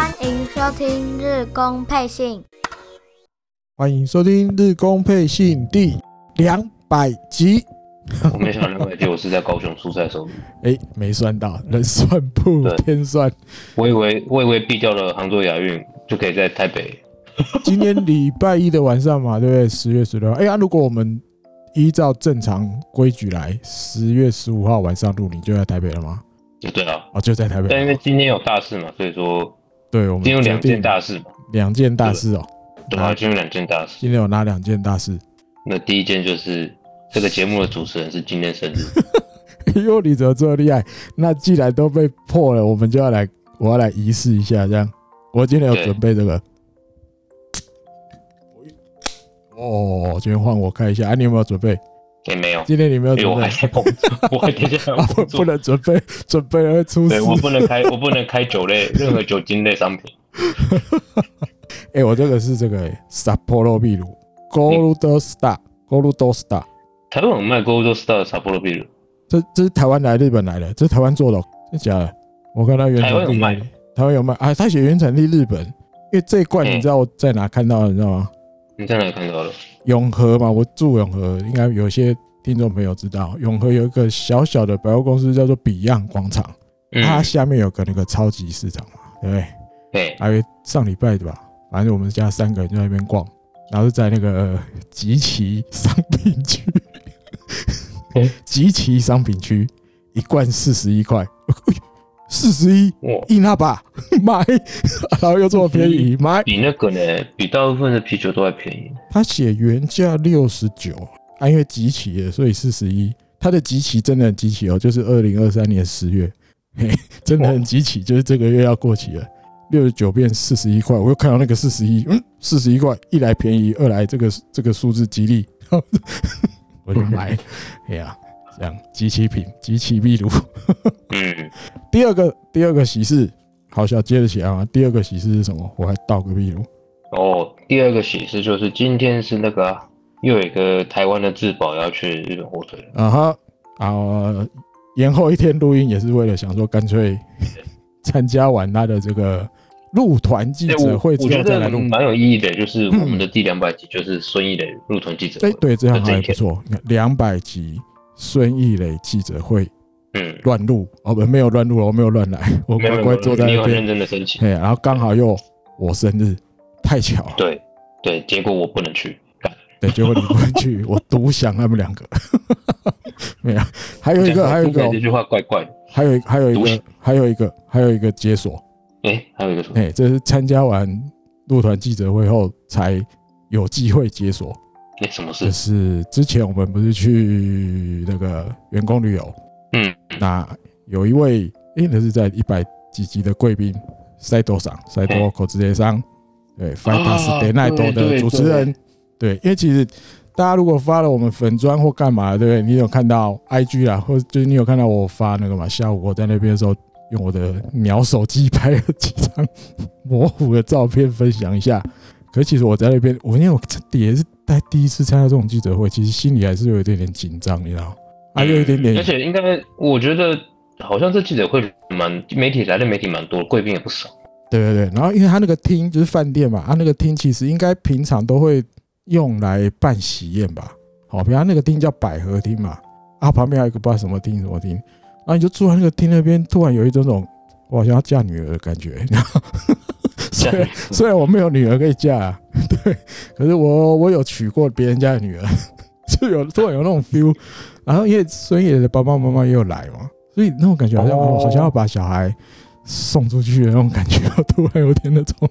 歡迎收聽《日工配信》，歡迎收聽《日工配信》第兩百集。 我沒想到兩百集我是在高雄出賽的時候。哎、欸，沒算到，人算不天算。我以為我以為避掉了杭州亞運就可以在台北。 今天禮拜一的晚上嘛，對不對？十月十六。哎、欸、呀，啊、如果我們依照正常規矩來，十月十五號晚上錄你就在台北了嗎？對啊，啊、哦、就在台北。但因為今天有大事嘛，所以說。對，我們今天有兩件大事，兩件大事哦。對，今天有兩件大事。今天有哪兩件大事？那第一件就是這個節目的主持人是今天生日。哎呦，你怎麼這麼厲害？那既然都被破了，我們就要來，我要來儀式一下，這樣。我今天有準備這個。對哦，今天換我看一下，哎、啊，你有沒有準備？也、欸、沒有，今天你沒有，所以我還在工作不能準備準備，而出事。對，我不能開，我不能開酒類 任何酒精類商品。 欸、我這個是這個薩、欸、波羅秘魯 Gold Star Gold Star，台灣有賣 Gold Star 薩波羅秘魯？這這是台灣來日本來的，這是台灣做的、喔，真、欸、的？我看他原產地台灣有賣，台灣有賣啊？他寫原產地日本，因為這一罐你知道我在哪看到的，你知道嗎？你在哪看了？永和嘛，我住永和，應該有些聽眾朋友知道，永和有一個小小的百貨公司叫做比漾廣場，嗯、它下面有個那個超級市場嘛，對不對？對。還有上禮拜對吧？反正對我們家三個人在那邊逛，然後是在那個即期、呃、商品區，即期商品區一罐四十一塊。 四十一，41，哇！印那把買，然後又這麼便宜買。比那個呢，比大部分的啤酒都還便宜。他寫原價六十九，啊因為即期了，所以四十一。他的即期真的很即期哦，就是二零二三年十月，嘿、欸、真的很即期，哇就是這個月要過期了。六十九變四十一塊，我又看到那個四十一，嗯，四十一塊，一來便宜，二來這個這個數字吉利，我就買，哎呀 極其平，極其壁爐。嗯， 第二個第二個喜事，好笑，接着寫啊！第二個喜事是什麼？我還倒個壁爐。哦，第二個喜事就是今天是那個、啊、又有一個台灣的自保要去日本火腿。啊哈，啊，延後一天錄音也是為了想說乾對，乾脆參加完他的這個入團記者會之後再來錄，蠻有意義的。嗯、就是我們的第兩百集，就是孫易磊入團記者會。欸、對，這樣還蠻不錯，兩百集。孫易磊記者會亂錄，嗯，亂錄哦不，沒有亂錄，我沒有亂來，我乖乖坐在一邊，沒有沒有真的，對，然後剛好又我生日，太巧了。對對，結果我不能去，對， 對，結果你不能去，我獨享他們兩個。 沒有，還有一個，還有一個這句話怪怪的，還有一個，獨還有一個，還有一個，還有一個解鎖。哎、欸，還有一個什麼？哎，這是參加完入團記者會後才有機會解鎖。欸、什麼事？就是之前我們不是去那個員工旅遊，嗯，那有一位誒、欸，那是在一百幾集的貴賓塞多桑，塞多口子先桑。塞欸、對 Fighters DE NAITO 的主持人，對，因為其實大家如果 follow 我們粉專或幹嘛，對不對？你有看到 IG 啊，或就是你有看到我發那個嘛？下午我在那邊的時候，用我的鳥手機拍了幾張模糊的照片分享一下。可是其實我在那邊，我因為我底是，在第一次參加這種記者會，其實心裡還是有一點點緊張，你知道？還、啊、有一點點對對，而且應該我覺得好像這記者會蠻媒體來的，媒體蠻多，貴賓也不少。對對對，然後因為他那個廳就是飯店嘛，他、啊、那個廳其實應該平常都會用來辦喜宴吧？好，比如他那個廳叫百合廳嘛，啊，旁邊還有一個不知道什麼廳什麼廳，那你就坐在那個廳那邊，突然有一種種我好像要嫁女兒的感覺、欸，你知道嗎？雖然雖然我沒有女兒可以嫁，對，可是我我有娶過別人家的女兒，就有突然有那種 feel，然後因為孫的爸爸媽媽也有來嘛，所以那種感覺好像我好像要把小孩送出去的那種感覺，突然有點那種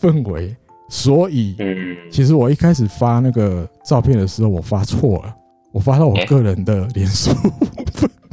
氛圍，所以其實我一開始發那個照片的時候，我發錯了，我發到我個人的臉書。欸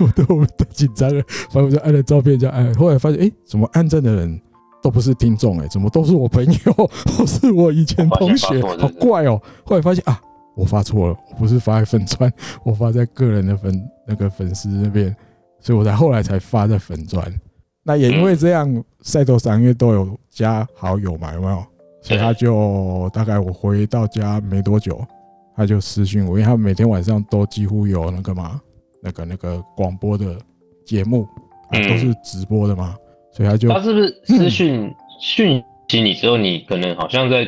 我都我太緊張了，反正我就按了照片，這按。後來發現哎、欸，怎麼按贊的人都不是聽眾哎、欸，怎麼都是我朋友，都是我以前同學，好怪哦、喔。後來發現啊，我發錯了，我不是發在粉專，我發在個人的粉那個粉絲那邊，所以我才後來才發在粉專。嗯、那也因為這樣，賽都三月都有加好友嘛，有沒有？所以他就大概我回到家沒多久，他就私訊我，因為他每天晚上都幾乎有那個嘛。那個那個廣播的節目、啊、都是直播的嗎？嗯、所以他就他是不是私訊訊、嗯、息你之後，你可能好像在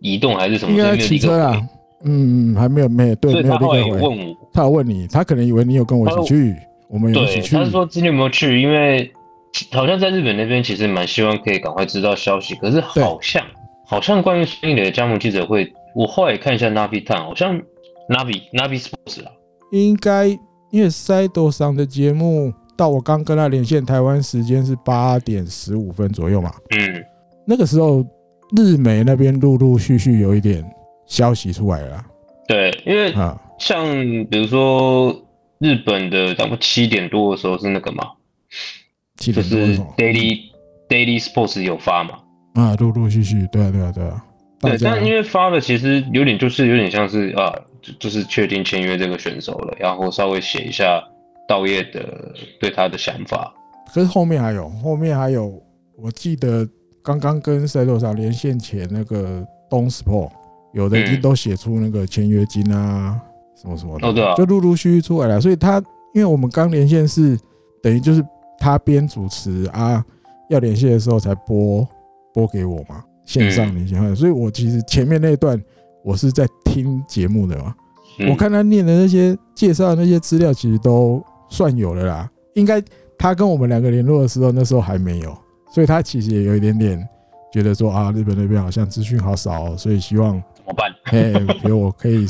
移動還是什麼？應該在騎車啊。嗯，還沒有沒有對，所以他有問我，他有問你，他可能以為你有跟我一起去。他我們有一起去，他是說今天有沒有去？因為好像在日本那邊其實蠻希望可以趕快知道消息，可是好像對好像關於新的加盟記者會，我後來看一下 Navi Time，好像 Navi Navi Sports 啊，應該。因為賽道上的節目，到我剛跟他連線，台灣時間是八點十五分左右嘛。嗯，那個時候日媒那邊陸陸續續有一點消息出來了、啊。對，因為啊，像比如說日本的，差不多七點多的時候是那個嘛，就是 Daily Daily Sports 有發嘛。啊，陸陸續續，對啊，啊、對啊，對啊。對，但因為發的其實有點，就是有點像是啊。就是確定簽約這個選手了，然後稍微寫一下稻葉的對他的想法。可是後面還有，後面還有，我記得剛剛跟賽洛少連線前，那個東斯破，有的已經都寫出那個簽約金啊，嗯、什麼什麼的，哦對啊、就陸陸續續出來了。所以他，因為我們剛連線是等於就是他邊主持啊，要連線的時候才播播給我嘛，線上連線。嗯、所以我其實前面那一段我是在聽節目的嘛，嗯、我看他念的那些介紹的那些資料，其實都算有了啦。應該他跟我們兩個聯絡的時候，那時候還沒有，所以他其實也有一點點覺得說啊，日本那邊好像資訊好少，喔，所以希望怎麼辦？ hey, 我可以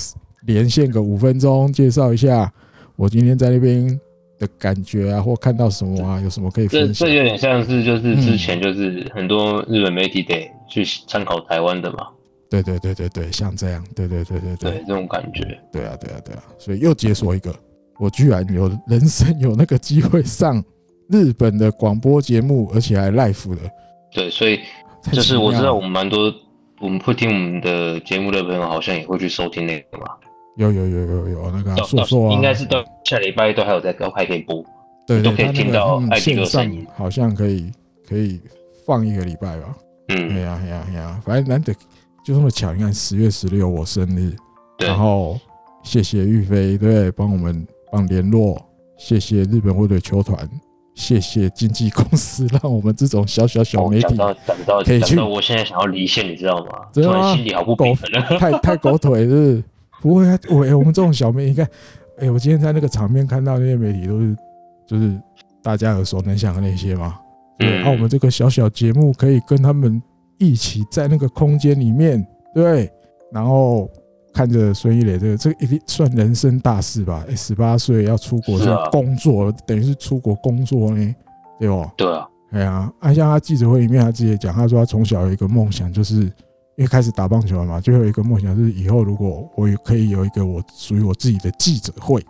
連線個五分鐘，介紹一下我今天在那邊的感覺啊，或看到什麼啊，有什麼可以分享？這，這有點像是就是之前就是，嗯、很多日本媒體得去參考台灣的嘛。對對對對對，像這樣，對對對對對，對，對，這種感覺，對啊對啊對啊，所以又解鎖一個， 我居然有人生有那個機會上日本的廣播節目，而且還 live 的。對，所以就是我知道我們蠻多我們會聽我們的節目的朋友，好像也會去收聽那個嘛。有有有有有，那個到、啊、到 Do, do,、啊、應該是到下禮拜都還有在高開片播，對，對，對都可以聽到。哎，上好像可以可以放一個禮拜吧。嗯，對啊對啊對啊，反正難得。就這麼巧，你看十月十六我生日，對然後謝謝玉飛對，幫我們幫聯絡，謝謝日本火腿球團，謝謝經紀公司，讓我們這種小小小媒體可以去。哦、我，我現在想要離線，你知道嗎？真嗎心裡好不平太太狗腿 是，不會、啊，我、欸、我們這種小媒體，應該，哎，我今天在那個場面看到那些媒體，都是就是大家有所能想的那些嘛。對。那、嗯啊、我們這個小小節目可以跟他們。一起在那個空間裡面，對，然後看着孫易磊，這個這個一定算人生大事吧？十八歲要出國去工作，是啊、等於是出國工作呢，對哦，對，了 對啊，啊，哎呀，啊像他記者會裡面他自己也講，他說他從小有一個夢想，就是因為開始打棒球了嘛，就有一個夢想就是以後如果我也可以有一個我屬於我自己的記者會，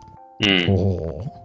嗯，哦，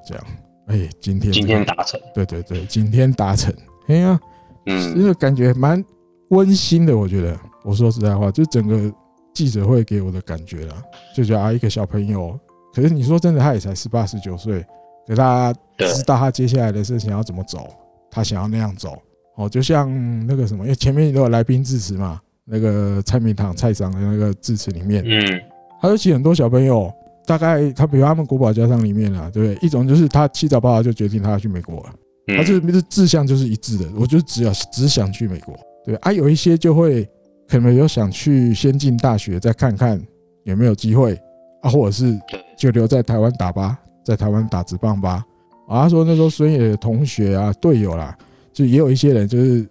這樣，哎、欸，今天、這個、今天達成，對，對對對，今天達成，哎呀、啊，嗯，因為感覺蠻。溫馨的，我覺得我說實在話，就整個記者會給我的感覺啦，就覺得啊一個小朋友，可是你說真的，他也才十八十九歲，可他，知道他接下來的事情要怎麼走，他想要那樣走，哦，就像那個什麼，因為前面都有來賓致辭嘛，那個蔡明堂蔡長的那個致辭裡面，嗯，他說其實很多小朋友，大概他比如他們穀保家商裡面啊，對不對？一種就是他七早八早就決定他要去美國了，他就是志向就是一致的，我就只要只想去美國。對啊，有一些就會可能有想去先進大學再看看有沒有機會啊，或者是就留在台灣打吧，在台灣打職棒吧。啊，他說那時候孫易磊同學啊、隊友啦，就也有一些人就是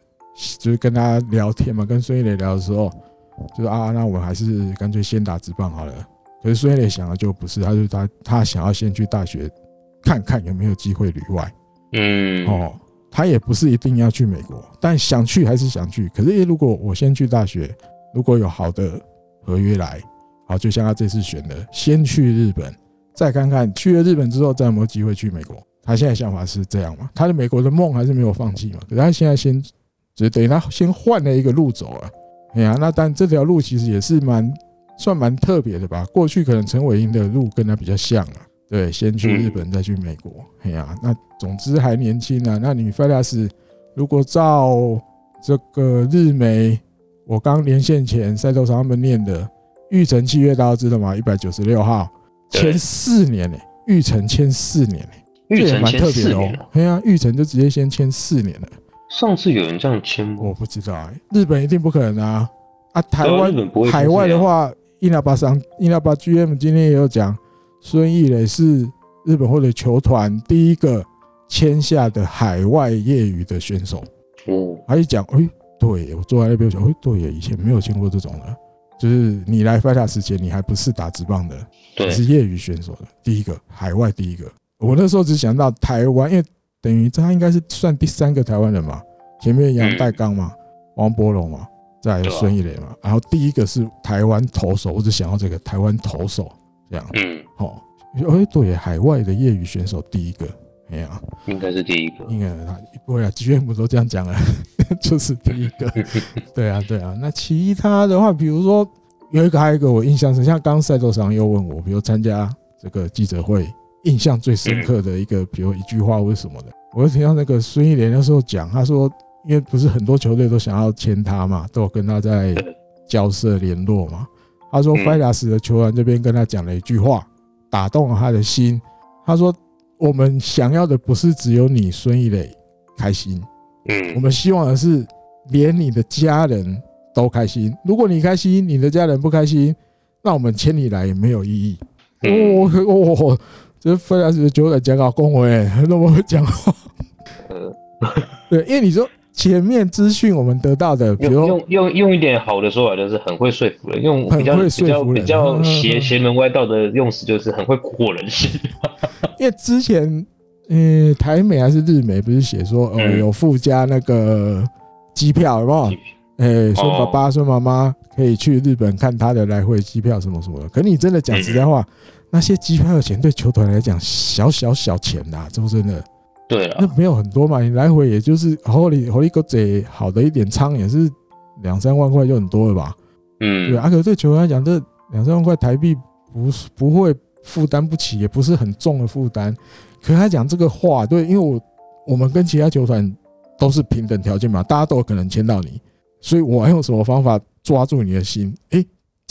就是跟他聊天嘛，跟孫易磊聊的時候，就是啊，那我還是乾脆先打職棒好了。可，就是孫易磊想的就不是，他就他他想要先去大學看看有沒有機會旅外。嗯哦。他也不是一定要去美國，但想去還是想去。可是如果我先去大學，如果有好的合約來，好，就像他這次選了先去日本，再看看去了日本之後再有沒有機會去美國。他現在想法是這樣嘛？他的美國的夢還是沒有放棄嘛？可是他現在先，就等於他先換了一個路走了啊。哎呀，那但這條路其實也是蠻算蠻特別的吧？過去可能陳偉殷的路跟他比較像啊。對，先去日本，再去美國。嘿呀、嗯啊，那總之還年輕啊。那你費拉斯，如果照這個日媒，我剛連線前賽道上他們念的育成契約，大家知道嗎？一百九十六號，簽四對年呢、欸，育成簽四年呢、欸，育成蠻特別的哦。嘿呀、喔，育成、啊啊、成就直接先簽四年了。上次有人這樣簽嗎？我不知道哎、欸。日本一定不可能啊。啊，台灣海外的話，稻葉桑、稻葉 GM 今天也有講。孫易磊是日本或者球團第一個簽下的海外業餘的選手他。嗯、欸，他一講，哎，我坐在那邊想，哎、欸，以前沒有簽過這種的，就是你來 FIGHTA 你還不是打職棒的，你是業餘選手的，第一個海外第一個。我那時候只想到台灣，因為等於他應該是算第三個台灣人嘛，前面陽岱鋼嘛，王柏融嘛，再有孫易磊嘛，然後第一個是台灣投手，我只想到這個台灣投手。這樣，嗯，好，哎，對，海外的業餘選手第一個，哎呀、啊，應該是第一個，應該不會啊，GM 都這樣講了， 就是第一個，對啊，對啊，那其他的話，比如說有一個，還有一個我印象深，像剛剛賽道上又問我，比如參加這個記者會，印象最深刻的一個，嗯、比如一句話為什麼的，我就聽到那個孫易磊那時候講，他說，因為不是很多球隊都想要簽他嘛，都有跟他在交涉聯絡嘛。他說：“Fighters 的球員這邊跟他講了一句話，打動了他的心。他說：‘我們想要的不是只有你孫易磊開心，嗯，我們希望的是連你的家人都開心。如果你開心，你的家人不開心，那我們簽你來也沒有意義。’哦、嗯、哦，這 Fighters 的球員講稿公文，那麼會講？對，因為你說。”前面資訊我們得到的，比如用用用，用一點好的說法，就是很會說服人，用比較很會說服人比較比較邪邪門歪道的用詞，就是很會蠱惑人心。因為之前，嗯、欸，台媒還是日媒不是寫說，呃，嗯、有附加那個機票，好不好？哎，孫爸爸孫媽媽可以去日本看他的來回機票什麼什麼的。可你真的講實在話，哎、喲那些機票錢對球團來講，小小小錢吶、啊，是不是真的。對，啊，那沒有很多嘛，你來回也就是你，好里好一個賊，好的一點倉也是兩三萬塊就很多了吧？嗯對、啊，對，阿可這球員來講這兩三萬塊台幣不不會負擔不起，也不是很重的負擔。可他講這個話，對，因為我我們跟其他球團都是平等條件嘛，大家都有可能簽到你，所以我用什麼方法抓住你的心？誒、欸，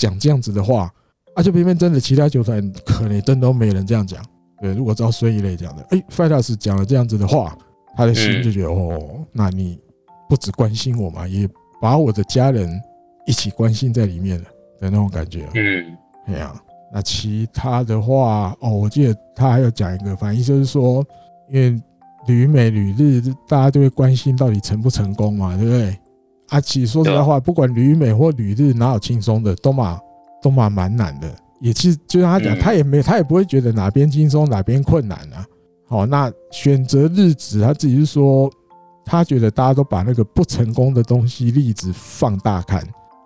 講這樣子的話，而且偏偏真的其他球團可能真的都沒人這樣講。對，如果照孫易磊講的，哎、欸，Fighters 講了這樣子的話，嗯、他的心就覺得哦，那你不只關心我嘛，也把我的家人一起關心在裡面了的那種感覺、啊。嗯，對呀、啊，那其他的話，哦，我記得他還有講一個反應，就是說，因為旅美、旅日，大家都會關心到底成不成功嘛，對不對？阿、啊、奇說實在的話，嗯、不管旅美或旅日，哪有輕鬆的，都嘛都嘛蠻難的。也其實就像他講，他也沒，他也不會覺得哪邊輕鬆哪邊困難啊。好，那選擇日子，他自己是說，他覺得大家都把那個不成功的東西例子放大看。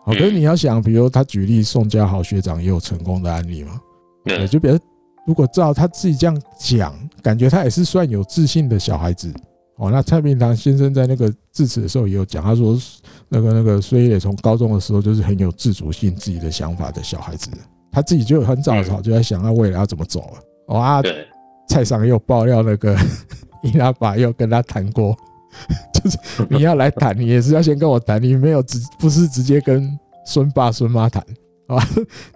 好，可是你要想，比如他舉例，宋家豪學長也有成功的案例嘛。對，就比如如果照他自己這樣講，感覺他也是算有自信的小孩子。哦，那蔡明堂先生在那個致辭的時候也有講，他說那個那個孫易磊從高中的時候就是很有自主性、自己的想法的小孩子。他自己就很早的時候就在想，他未來要怎麼走，啊哦。哇，啊，對 蔡尚又爆料，那個伊拉爸又跟他談過，就是你要來談， 你也是要先跟我談，你沒有直不是直接跟孫爸孫媽談啊？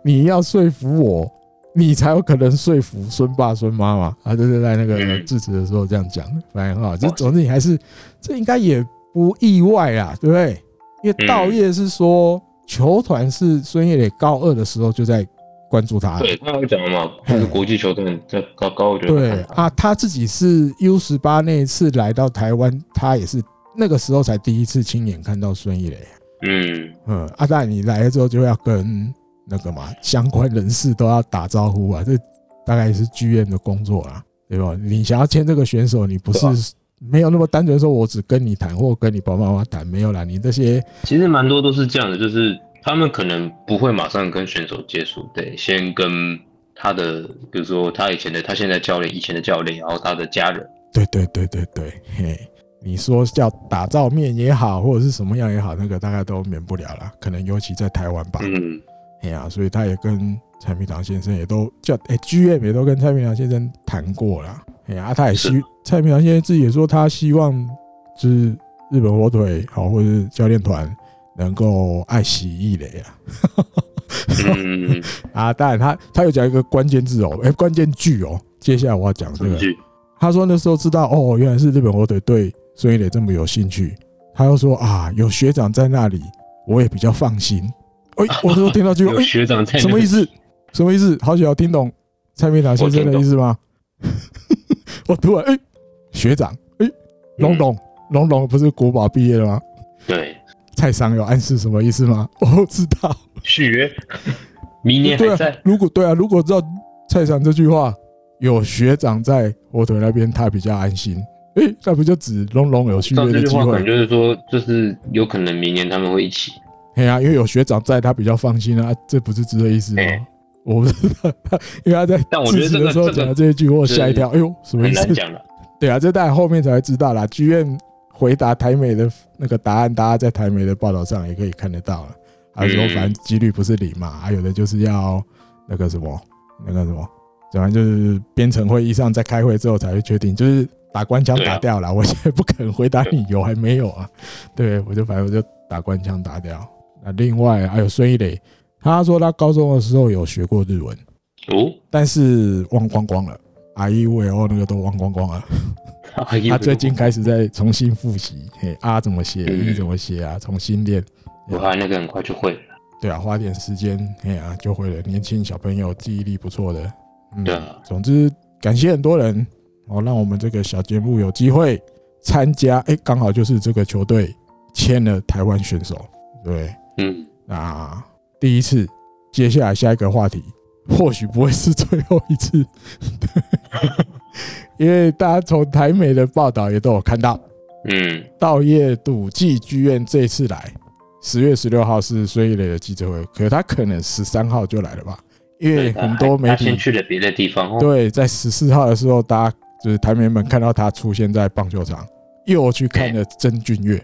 你要說服我，你才有可能說服孫爸孫媽嘛。啊，就是在那個致辭、嗯呃、的時候這樣講，反正很好。就總之你還是，這應該也不意外啦，對不對？因為稻葉是說，球團是孫易磊高二的時候就在。關注他對，對他講了嘛？他、就是國際球隊，在高高，我覺得、嗯對。對啊，他自己是 U 十八那一次來到台灣，他也是那個時候才第一次親眼看到孫易磊、啊啊。嗯嗯，阿大、啊，但你來了之後就會要跟那個嘛，相關人士都要打招呼啊，這大概也是 GM 的工作啊，對吧？你想要簽這個選手，你不是沒有那麼單純說，我只跟你談，或跟你爸爸媽媽談，沒有啦，你這些其實蠻多都是這樣的，就是。他們可能不會馬上跟選手接觸，對，先跟他的，比如說他以前的，他現在教練以前的教練，然後他的家人。對對對對對，嘿，你說叫打照面也好，或者是什麼樣也好，那個大概都免不了啦，可能尤其在台灣吧。嗯。哎呀、啊，所以他也跟蔡明堂先生也都叫哎、欸、GM 也都跟蔡明堂先生談過了。哎呀、啊，他也希蔡明堂先生自己也說他希望就是日本火腿好、哦，或者是教練團。能夠愛惜易磊啊！阿蛋，他他有講一個關鍵字哦，哎、欸，關鍵句哦。接下來我要講這個句他說那時候知道哦，原來是日本火腿對孫易磊這麼有興趣。他又說啊，有學長在那裡，我也比較放心。哎、欸，我說聽到句話，哎、欸，啊、學長在那裡什麼意思？什麼意思？好想要聽懂蔡明達先生的意思嗎？我突然，哎、 欸，學長，哎、欸，龍龍龍龍不是國寶畢業了嗎？對。蔡桑有暗示什麼意思嗎？我知道續約明年在如果對啊，如果知道、啊、蔡桑這句話，有學長在火腿那邊，他比較安心。哎、欸，那不就只隆隆有續約的機會？這句話就是說，就是有可能明年他們會一起。哎呀，因為有學長在，他比較放心啊。啊這不是這個意思嗎？欸、我不知道，因為他在辭職的時候講的這一句，我嚇、這個、一跳。哎呦，什麼意思？對啊，這待會後面才會知道啦。GM。回答台美的那個答案，大家在台美的報道上也可以看得到了。還說反正幾率不是零嘛，還、啊、有的就是要那個什麼，那個什麼，反正就是編成會議上在開會之後才會確定，就是打官腔打掉了。我現在不肯回答你，有還沒有啊。對，我就反正我就打官腔打掉。那、啊、另外還、啊、有孫易磊，他說他高中的時候有學過日文，哦、嗯，但是忘光光了。哎呦喂，哦，那個都忘光光了。他 Okay,、啊、最近開始在重新複習，嘿、嗯，啊怎麼寫，嗯、你怎麼寫啊？重新練，我發現那個很快就會了。對啊，花點時間，嘿啊，就會了。年輕小朋友記憶力不錯的，嗯。啊、總之，感謝很多人，哦，讓我們這個小節目有機會參加。哎、欸，剛好就是這個球隊簽了台灣選手，對，嗯。那、啊、第一次，接下來下一個話題，或許不會是最後一次。對 因為大家從台媒的報道也都有看到，嗯，稻葉篤紀 GM 這次來，十月十六號是孫易磊的記者會，可是他可能十三號就來了吧？因為很多媒體先去了別的地方、哦。對，在十四號的時候，大家就是台媒們看到他出現在棒球場，又去看了曾峻岳，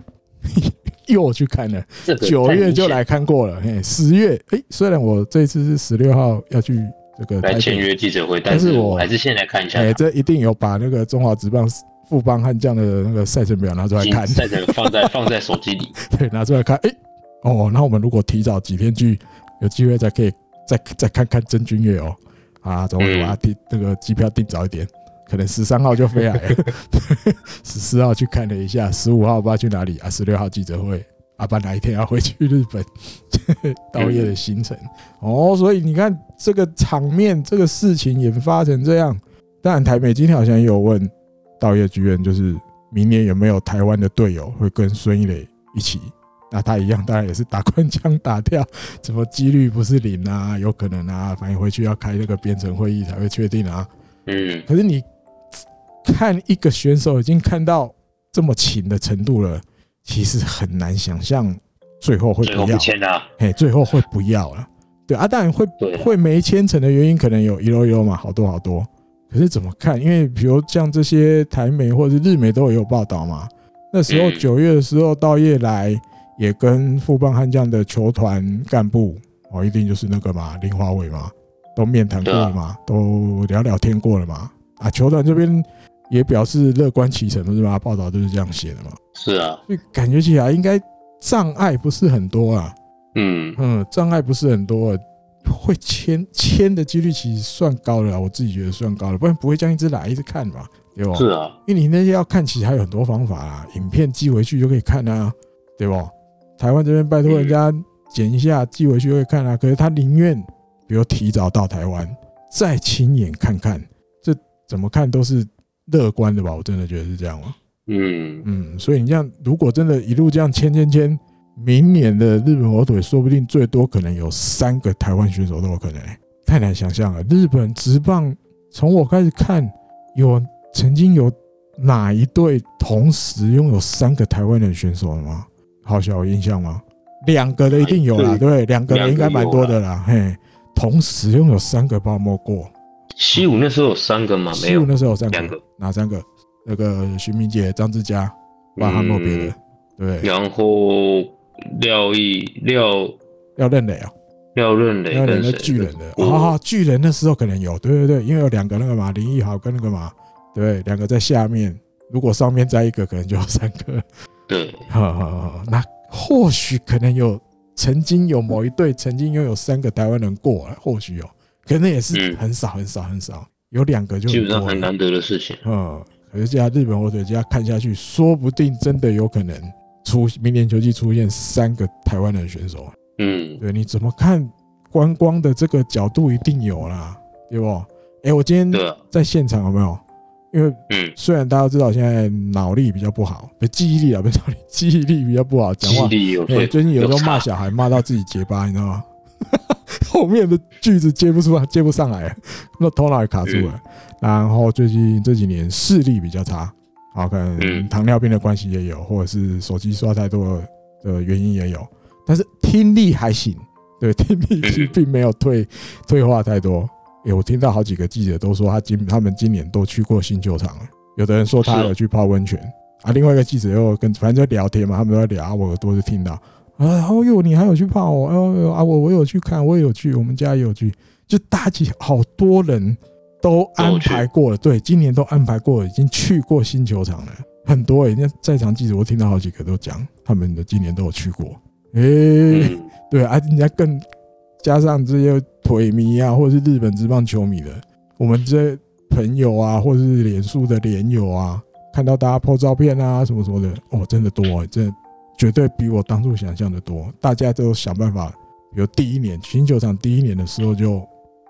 對 又去看了，九月就來看過了。嘿、欸，十月，誒、欸，雖然我這次是十六號要去。這個來簽約記者會，但是我還是先來看一下。哎，這一定有把那個中華職棒富邦悍將的那個賽程表拿出來看。賽程放在放在手機裡， 對，拿出來看。哎，哦，那我們如果提早幾天去，有機會再可以再再看看曾峻岳哦。啊，總會把訂那個機票訂早一點。可能十三號就飛來了，十四號去看了一下，十五號不知道去哪裡啊，十六號記者會。阿爸哪一天要回去日本？ 稻葉的行程哦，所以你看這個場面，這個事情也發成這樣。當然，台北今天好像也有問稻葉 GM，就是明年有沒有台灣的隊友會跟孫易磊一起？那他一樣，當然也是打官腔打掉，怎麼幾率不是零啊？有可能啊，反正回去要開那個編成會議才會確定啊。嗯，可是你看一個選手已經看到這麼勤的程度了。其實很難想象，最後會不要，哎、啊，最後會不要了對。對啊，當然會對、啊、會沒簽成的原因，可能有一囉一囉嘛，好多好多。可是怎麼看？因為比如像這些台媒或者是日媒都有報道嘛。那時候九月的時候稻葉來，也跟富邦悍將的球團幹部，哦，一定就是那個嘛林華偉嘛，都面談過了嘛，對啊、都聊聊天過了嘛。啊，球團這邊。也表示樂觀其成，不是吧？報道都是這樣寫的嘛。是啊，所以感覺起來應該障礙不是很多啊。嗯嗯，障礙不是很多會，會簽簽的幾率其實算高了，我自己覺得算高了，不然不會這樣一直來一直看嘛，對吧？是啊，因為你那些要看，其實還有很多方法啊，影片寄回去就可以看啊，對吧？台灣這邊拜託人家剪一下，嗯、寄回去就可以看啊。可是他寧願比如提早到台灣再親眼看看，這怎麼看都是。樂觀的吧，我真的覺得是這樣嗎？嗯嗯，所以你像如果真的一路這樣簽簽簽，明年的日本火腿說不定最多可能有三個台灣選手都有可能、欸，太難想象了。日本職棒，從我開始看，有曾經有哪一隊同時擁有三個台灣人選手了嗎？好小有印象嗎？兩個的一定有啦，對不對？兩個的應該蠻多的啦。啦嘿，同時擁有三個包沒過。西武那時候有三個嗎？西武那時候有三個，個哪三個？那個徐明杰、張志佳，然,嗯、對然後還有別的，對。然後廖毅、廖廖任磊啊，廖任磊，廖任、喔、那個巨人的，啊、哦哦，巨人那時候可能有，對對對，因為有兩個那個嘛，林毅豪跟那個嘛，對，兩個在下面，如果上面再一個，可能就有三個。對，啊啊啊，那或許可能有，曾經有某一隊曾經擁有三個台灣人過來，或許有。可能也是很少、很少、很少，有兩個就基本上很難得的事情。嗯，可是這家日本火腿這家看下去，說不定真的有可能出明年球季出現三個台灣的選手。嗯，對，你怎麼看觀光的這個角度，一定有啦，對不？哎、欸，我今天在現場有沒有？因為嗯，雖然大家知道我現在腦力比較不好，記憶力啊，不知道你記憶力比較不好，講話，力、欸、最近有時候罵小孩罵到自己結巴，有差 你知道嗎？後面的句子接不出來，接不上來了，那頭腦也卡住了。然後最近這幾年視力比較差好，可能糖尿病的關係也有，或者是手機刷太多的原因也有。但是聽力還行，對，聽力並並沒有退退化太多，欸。我聽到好幾個記者都說他今他們今年都去過新球場了，有的人說他有去泡溫泉啊。另外一個記者又跟反正就聊天嘛，他們都在聊，我耳朵就聽到。啊，哦呦，你還有去泡、哦？哦呦啊，我我有去看，我也有去，我們家也有去，就大家好多人都安排過了，對，今年都安排過了，已經去過新球場了，很多人、欸、家在場記者，我聽到好幾個都講他們的今年都有去過，誒，對，啊，人家更加上這些腿迷啊，或者是日本職棒球迷的，我們這些朋友啊，或者是臉書的臉友啊，看到大家 PO 照片啊，什麼什麼的，哦，真的多、欸，真。絕對比我當初想象的多，大家都想辦法。比如第一年新球場第一年的時候就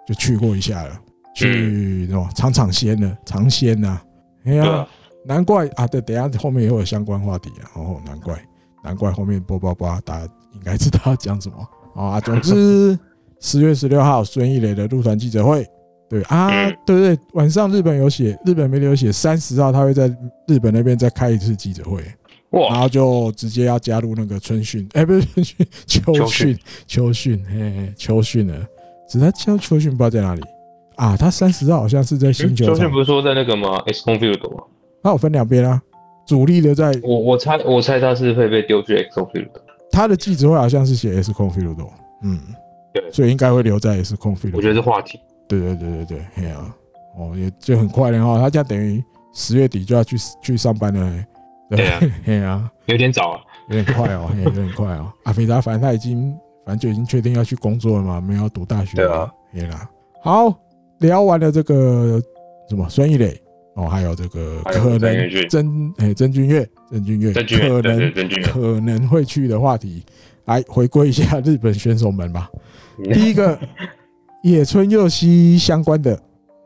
就去過一下了，去是唱嘗嘗鮮呢，嘗鮮呢。哎呀，難怪啊！對，等下後面也會有相關話題啊。哦，哦，難怪，難怪後面播播播，大家應該知道要講什麼啊。總之，十月十六號孫易磊的入團記者會，對啊，對對，晚上日本有寫，日本媒體有寫，三十號他會在日本那邊再開一次記者會。哇然後就直接要加入那個春訓，哎、欸，不是春訓，秋訓，秋訓訓訓，嘿嘿，秋訓了。只是他叫秋訓不知道在哪裡啊？他三十號好像是在新球場。秋訓不是說在那個嗎？Es Con Field 嘛。那我分兩邊啊，主力的在，我我猜我猜他是會被丟去 Es Con Field。他的記者會好像是寫 Es Con Field。嗯，對，所以應該會留在 Es Con Field。我覺得是話題。對對對對對，嘿啊，哦，也就很快然哈、哦，他這樣等於十月底就要去去上班了、欸。對呀，對呀，有點早，啊，有點快哦，有點快哦。阿肥達，反正他已經，反正就已經確定要去工作了嘛，沒有要讀大學了，啊，對啊。好，聊完了這個什麼孫易磊哦，還有這個還有可能曾誒曾峻岳，曾峻岳，可能對對可能會去的話題，來回歸一下日本選手們吧。第一個， 野村佑希相關的。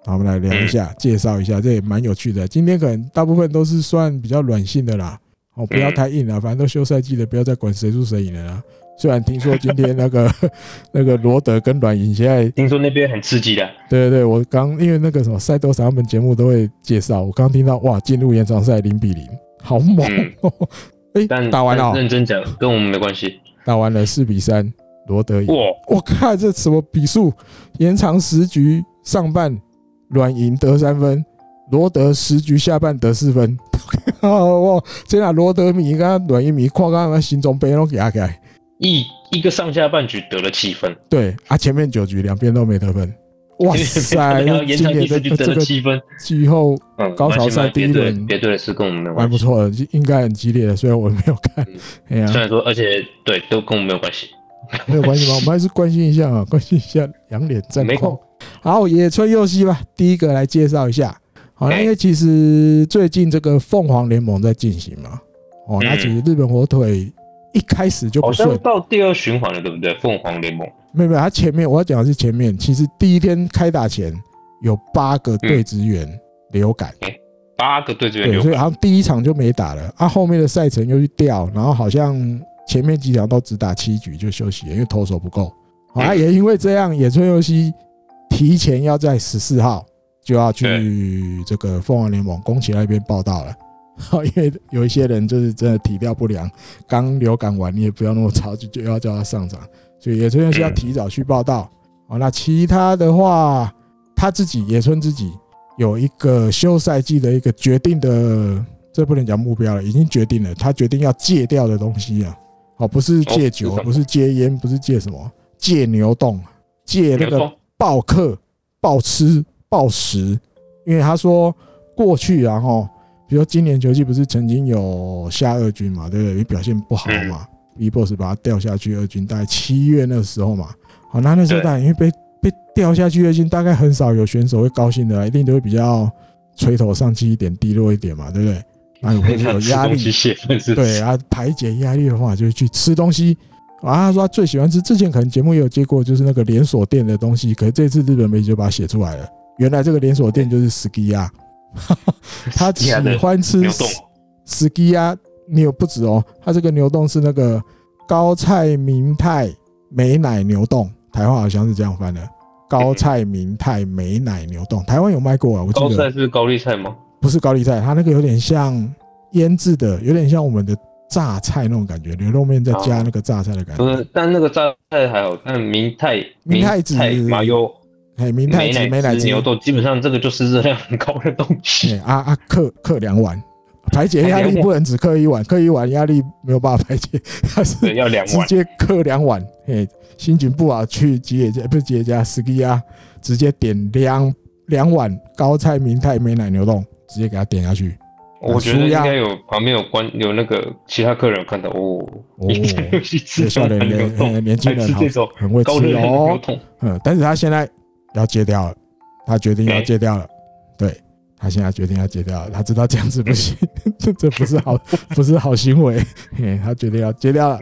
好，我們來聊一下，嗯、介紹一下，這也蠻有趣的。今天可能大部分都是算比較軟性的啦，哦、喔，不要太硬了。反正都休賽季了，不要再管誰輸誰贏了啦。雖然聽說今天那個 那個羅德跟軟銀，現在聽說那邊很刺激的、啊。對對對，我剛因為那個什麼賽多，他們節目都會介紹。我剛聽到哇，進入延長賽零比零，好猛、喔！哎、嗯，欸、但打完了、喔，認真講，跟我們沒關係。打完了四比三，羅德贏。哇，我看這什麼比數？延長十局上半。軟銀得三分，羅德十局下半得四分。哇、 喔！這倆羅德迷跟軟銀迷，礦哥他心中悲痛，給阿蓋一一個上下半局得了七分。對，啊，前面九局兩邊都沒得分。哇塞，然後延長這局得了七分。呃這個、季後，嗯，高潮賽第一輪，別隊是跟我們沒蠻不錯的，應該很激烈的，雖然我沒有看。嗯啊、雖然說，而且對，都跟我們沒有關係 係，沒有關係嗎？我們還是關心一下啊，關心一下洋聯戰況。好，野村佑希吧，第一個來介紹一下。好，因為其實最近這個鳳凰聯盟在進行嘛，哦、嗯，那、喔、其實日本火腿一開始就不順，好像到第二循環了，對不對？鳳凰聯盟沒有沒有，他、啊、前面我要講的是前面，其實第一天開打前有八個隊職員流感，八、嗯欸、個隊職員流感，所以好像第一場就沒打了。他、啊、後面的賽程又去掉，然後好像前面幾場都只打七局就休息，因為投手不夠。嗯、啊，也因為這樣，野村佑希。提前要在十四號就要去這個鳳凰聯盟宮崎那邊報到了，啊，因為有一些人就是真的體調不良，剛流感完，你也不要那麼着急就要叫他上場。所以野村也是要提早去報到。啊，那其他的話，他自己野村自己有一個休賽季的一個決定的，這不能講目標了，已經決定了，他決定要戒掉的東西啊，哦，不是戒酒、哦，是不是戒菸，不是戒什麼，戒牛丼，戒那個。爆嗑、爆吃、爆食，因為他說過去，然後比如說今年球季不是曾經有下二軍嘛，對不對？因為表現不好嘛、v、，BIGBOSS 把他掉下去二軍，大概七月那時候嘛，好，那那時候大概因為被被掉下去二軍，大概很少有選手會高興的，一定都會比較垂頭喪氣一點、低落一點嘛，對不對、啊？那有壓力，對啊，排解壓力的話就是去吃東西。啊，他說他最喜歡吃，之前可能節目也有接過，就是那個連鎖店的東西。可是這次日本媒體就把它寫出來了，原來這個連鎖店就是 Skiya。哈哈、嗯， 他喜歡吃 Skiya。你有不止哦，喔，他這個牛丼是那個高菜明太美乃牛丼。台灣好像是這樣翻的。高菜明太美乃牛丼，台灣有賣過啊？我記得。高菜是高麗菜嗎？不是高麗菜，它那個有點像醃製的，有點像我們的。榨菜那種感覺，牛肉麵再加那個榨菜的感覺。不是，但那個榨菜還好。但明太明太子馬優，油嘿，明太子、美奶子，奶子牛丼，基本上這個就是熱量很高的東西。啊啊，嗑嗑兩碗，排解壓力不能只嗑一碗，碗嗑一碗壓力沒有辦法排解，他對是要兩碗，直接嗑兩碗。嘿，心情不好去吉野家，不是吉野家，四季家，啊，直接點兩兩碗高菜明太美奶牛丼，直接給他點下去。啊哦、我覺得應該有旁邊有關有那個其他客人看到哦，哦，學校的年輕人很會吃哦，嗯，但是他現在要戒掉了，他決定要戒掉了，對，他現在決定要戒掉了，他知道這樣子不行，這這不是好不是好行為，他決定要戒掉了，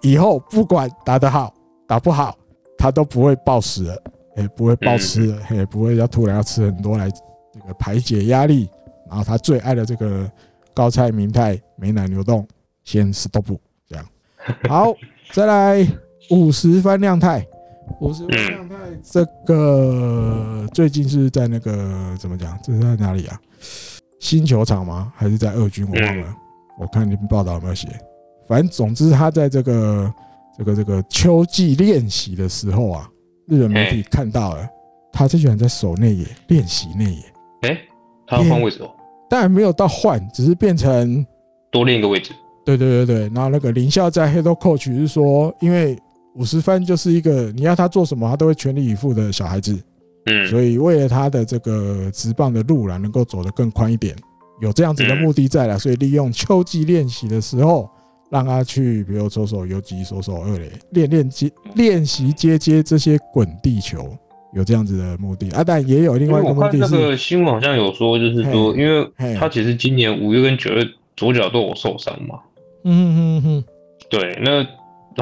以後不管打得好打不好，他都不會暴食了，也不會暴吃，也不會要突然要吃很多來這個排解壓力。啊，他最愛的這個高菜明太美乃牛丼，先 stop，這樣好，再來五十幡亮汰，五十幡亮汰這個最近是，是在那個怎麼講？這是在哪裡啊？新球場嗎？還是在二軍？我忘了。嗯、我看你們報道有沒有寫？反正總之他在這個這個這個秋季練習的時候啊，日本媒體看到了，欸，他最喜歡在守內野練習內野。哎、欸，他要換位置了哦。但還沒有到換，只是變成多練一個位置。對對對對，然後那個林孝哉 head coach 是說，因為五十幡就是一個你要他做什麼，他都會全力以赴的小孩子。嗯，所以為了他的這個職棒的路啦，能夠走得更寬一點，有這樣子的目的在啦，所以利用秋季練習的時候，讓他去比如說守游擊、守守二壘，練練接練習接接這些滾地球。有這樣子的目的啊，但也有另外一個目的。因為我看那個新聞，好像有說，就是說，因為他其實今年五月跟九月左腳都有受傷嘛。嗯嗯哼。對，那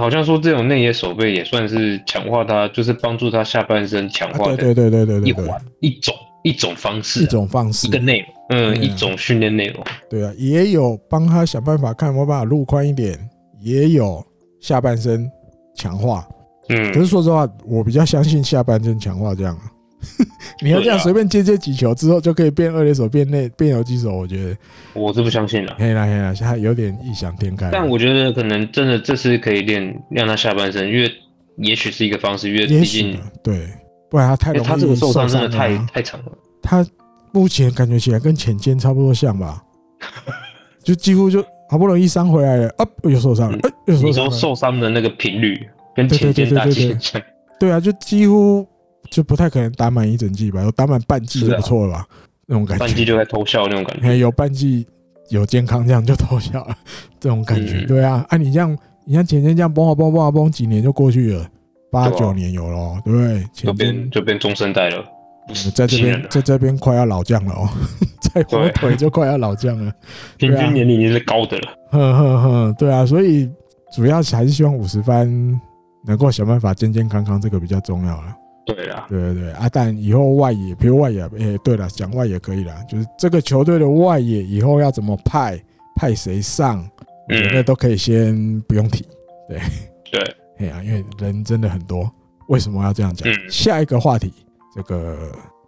好像說這種內野守備也算是強化他，就是幫助他下半身強化。對對對對對。一環、一種一種、啊、一種方式。一種方式，一個內容。嗯，一種訓練內容。對啊，也有幫他想辦法看，我把他路寬一點，也有下半身強化。嗯，可是說實話，我比較相信下半身強化這樣、啊。 你要這樣隨便接接幾球之後，就可以變二壘手、變內、變游擊手。我覺得我是不相信的。可以啦，可以啦，啦，他有點異想天開。但我覺得可能真的這次可以練練他下半身，因為也許是一個方式，因為也許對，不然他太容易他這個受傷，真的太太長了。他目前感覺起來跟淺間差不多像吧， 就幾乎就好不容易傷回來了啊，又受傷了。嗯欸、有時候受傷的那個頻率。對對對對對，對，對，對，對啊，就幾乎就不太可能打滿一整季吧，有打滿半季就不錯了吧，那種感覺。半季就在偷笑那種感覺，有半季有健康這樣就偷笑了，這種感覺。對啊，哎，你像你像前天這樣，嘣啊嘣啊嘣啊嘣，幾年就過去了，八九年有咯，對，前天就變中生代了，在這邊在這邊快要老將了哦，在火腿就快要老將了，平均年齡已經是高的了，呵呵呵，對啊，啊、所以主要還是希望五十幡，能夠想辦法健健康康，這個比較重要了。對啊，對對對，啊，但以後外野，比如外野，哎、欸，對了，講外野可以了。就是這個球隊的外野以後要怎麼派，派誰上，我覺得都可以先不用提。對，對，哎呀，因為人真的很多。為什麼要這樣講？下一個話題，這個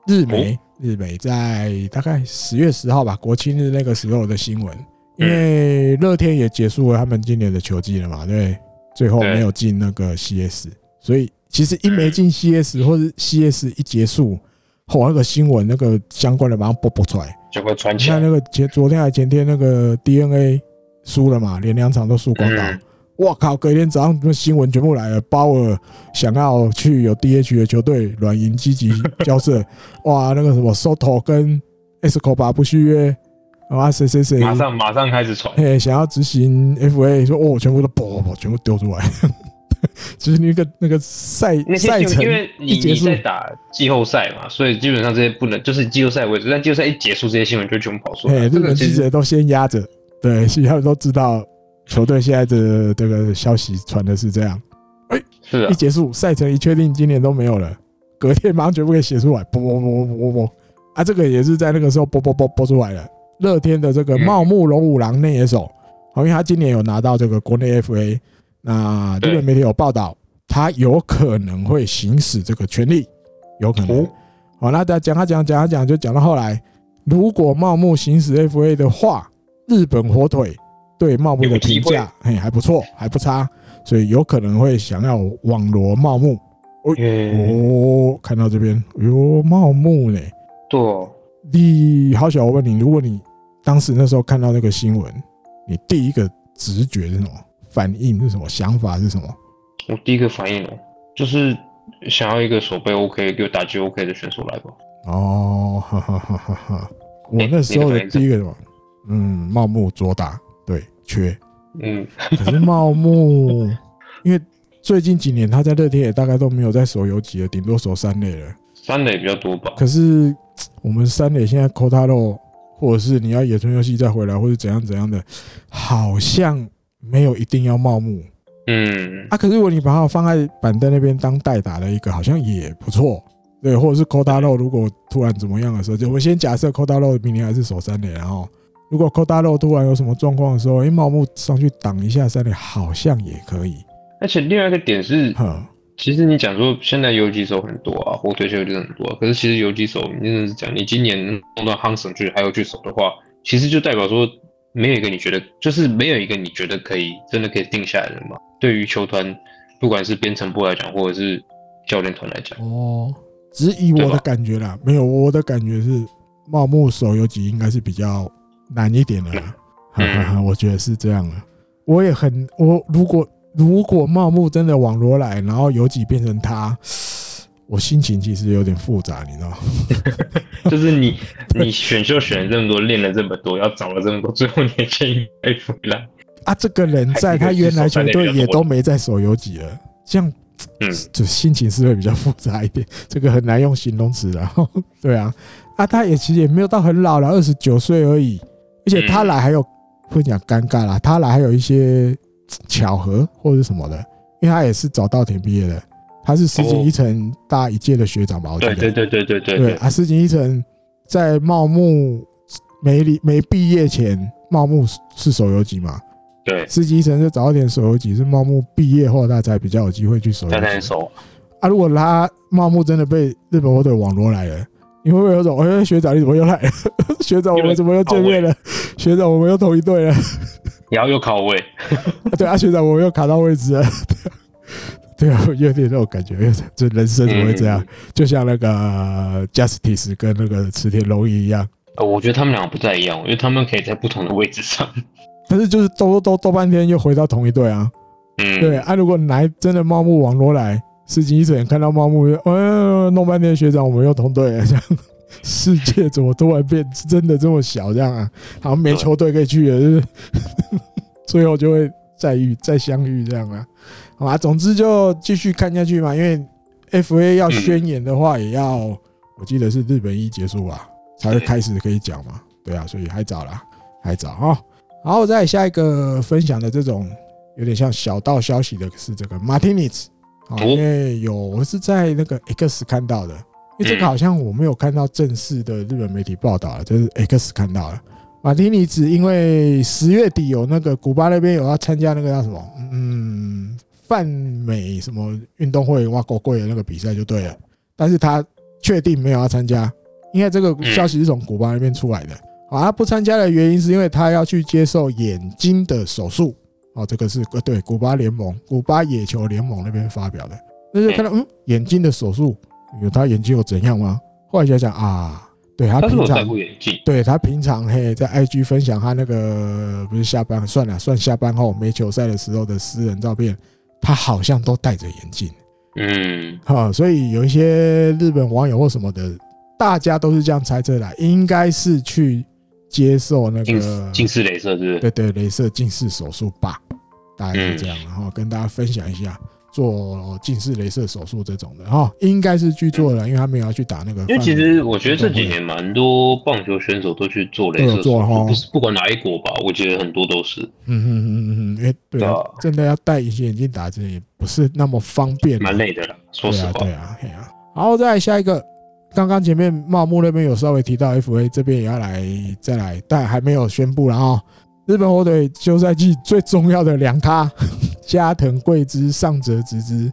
日媒，日媒在大概十月十號吧，國慶日那個時候的新聞，因為樂天也結束了他們今年的球季了嘛，對。最後沒有進那個 CS，< 對 S 1> 所以其實一沒進 CS 或者 CS 一結束，吼、嗯哦、那個新聞那個相關的馬上播播出來，結果傳前那個前昨天還前天那個 DeNA 輸了嘛，連兩場都輸光了，我靠！隔天早上那新聞全部來了，鮑爾想要去有 DH 的球隊軟銀積極交涉， 哇，那個什麼 Soto 跟 Escobar 不續約。哇！誰誰誰？馬上馬上開始傳。嘿，想要執行 F A，說哦，全部都啵啵啵，全部丟出來。其實、就是、那個那個賽賽些程，因為你一結束你在打季後賽嘛，所以基本上這些不能就是季後賽為止。但季後賽一結束，這些新聞就全部跑出來。嘿這個其實都先壓着，對，其他人都知道球隊現在的這個消息傳的是這樣。哎、欸，是、啊。一結束賽程一確定，今年都沒有了。隔天馬上全部給寫出來，嘣嘣嘣嘣嘣嘣。啊，這個也是在那個時候嘣嘣嘣嘣出來了。樂天的這個茂木榮五郎內野手，好，因為他今年有拿到這個國內 FA，那日本媒體有報道，他有可能會行使這個權利，有可能。好，那大家講他講講他講，就講到後來，如果茂木行使 FA 的話，日本火腿對茂木的評價，嘿，還不錯，還不差，所以有可能會想要網羅茂木。哦，看到這邊，喲，茂木呢？對，你好，小夥伴，你如果你當時那時候看到那個新聞，你第一個直覺是什麼？反應是什麼？想法是什麼？我第一個反應哦，就是想要一個守備 OK，就打擊 OK 的選手來吧。哦，哈哈哈哈！我那時候的第一個什麼、欸、是麼嗯，茂木左打對缺，嗯，可是茂木 因為最近幾年他在樂天也大概都沒有在守遊擊的，頂多守三壘了，三壘比較多吧？可是我們三壘現在扣他肉。或者是你要野村佑希再回來，或者是怎樣怎樣的，好像沒有一定要茂木，嗯啊，可是如果你把它放在板凳那邊當代打的一個，好像也不錯，對，或者是扣大肉，如果突然怎麼樣的時候，嗯、就我們先假設扣大肉明年還是守三連，然後如果扣大肉突然有什麼狀況的時候，誒，茂木上去擋一下三連，好像也可以。而且另外一個點是。其實你講說，現在游擊手很多啊，火腿線球很多啊。可是其實游擊手，你真的是講，你今年弄到夯省去還要去守的話，其實就代表說，沒有一個你覺得，就是沒有一個你覺得可以真的可以定下來的人嘛。對於球團，不管是編成部來講，或者是教練團來講，哦，只以我的感覺啦，吧沒有我的感覺是茂木守游擊應該是比較難一點的啦，嗯、哈哈，哈、嗯，我覺得是這樣啊。我也很，我如果。如果茂木真的網羅來，然後游擊變成他，我心情其實有點複雜，你知道？ 就是你你選秀選了這麼多，練了這麼多，要找了這麼多，最後你卻一來，啊，這個人在，在人他原來全隊也都沒在守游擊了，這樣，嗯，就心情是會比較複雜一點，這個很難用形容詞。然後，對啊，啊，他也其實也沒有到很老了，二十九歲而已，而且他來還有、嗯、不會講尷尬啦，他來還有一些。巧合，或者是什麼的，因為他也是早稻田畢業的，他是石井一成大一屆的學長嘛，對對對對對對，對，對，對，對啊，石井一成在茂木沒離沒畢業前，茂木是守遊擊嘛，對，石井一成是早一點守遊擊，是茂木畢業後大家比較有機會去守遊，再再收，啊，如果他茂木真的被日本火腿網羅來了，你會不會有種，哎，學長你怎麼又來了？ 學長我們怎麼又見面了？學長我們又同一隊了！ 你要有考慮。 啊對啊，學長，我又卡到位置了。對啊，有點那種感覺，這人生怎麼會這樣？嗯、就像那個、呃、Justice 跟那個磁鐵龍一樣。呃，我覺得他們兩個不太一樣，因為他們可以在不同的位置上。但是就是兜兜兜半天，又回到同一隊啊。嗯。對啊，如果你來真的茂木榮五郎來，世錦一睜眼看到茂木，嗯、哎呃，弄半天，學長，我們又同隊了，這樣世界怎麼突然變真的這麼小？這樣啊，好像沒球隊可以去了。就是嗯所以，我就會再遇，再相遇這樣啦，啊，好吧，啊。總之，就繼續看下去嘛。因為 F A 要宣言的話，也要我記得是日本一結束吧，才會開始可以講嘛。對啊，所以還早啦，還早啊。好，好，我再下一個分享的這種有點像小道消息的是這個馬丁尼茲啊，因為有我是在那個 X 看到的，因為這個好像我沒有看到正式的日本媒體報道，就是 X 看到了。馬丁尼茲，因為十月底有那個古巴那邊有要參加那個叫什麼，嗯，泛美什麼運動會，哇，夠貴的那個比賽就對了。但是他確定沒有要參加，因為這個消息是從古巴那邊出來的。啊，他不參加的原因是因為他要去接受眼睛的手術。好，這個是呃，對，古巴聯盟、古巴野球聯盟那邊發表的。那就看到，嗯，眼睛的手術，有他眼睛有怎樣嗎？後來想想啊。對他平常對他平常嘿，在 IG 分享他那個不是下班，算了，算下班後沒球賽的時候的私人照片，他好像都戴着眼鏡，嗯，哈，所以有一些日本網友或什麼的，大家都是這樣猜測的、啊，應該是去接受那個近視雷射，是不對對雷射近視手術吧，大概是這樣，然後跟大家分享一下。做近視雷射手術這種的哈、哦，應該是去做了，嗯、因為他沒有要去打那個。因為其實我覺得這幾年蠻多棒球選手都去做雷射，哈，術不不管哪一國吧，我覺得很多都是。嗯哼嗯嗯嗯，哎，對啊，真的要戴隱形眼鏡打，這也不是那麼方便，蠻累的啦，說實話對、啊，對啊，對啊。好，再來下一個，剛剛前面茂木那邊有稍微提到，F A 這邊也要來再來，但還沒有宣布了啊、哦。日本火腿休賽季最重要的兩咖， 加藤貴之、上澤直之，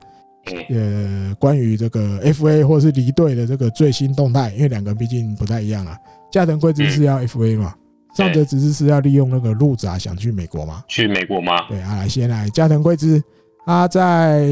嗯、呃，關於這個 F A 或是離隊的這個最新動態，因為兩個人畢竟不太一樣啊。加藤貴之是要 F A 嘛，上澤直之是要利用那個路子啊，想去美國嘛。去美國嗎？對啊，先來加藤貴之，他在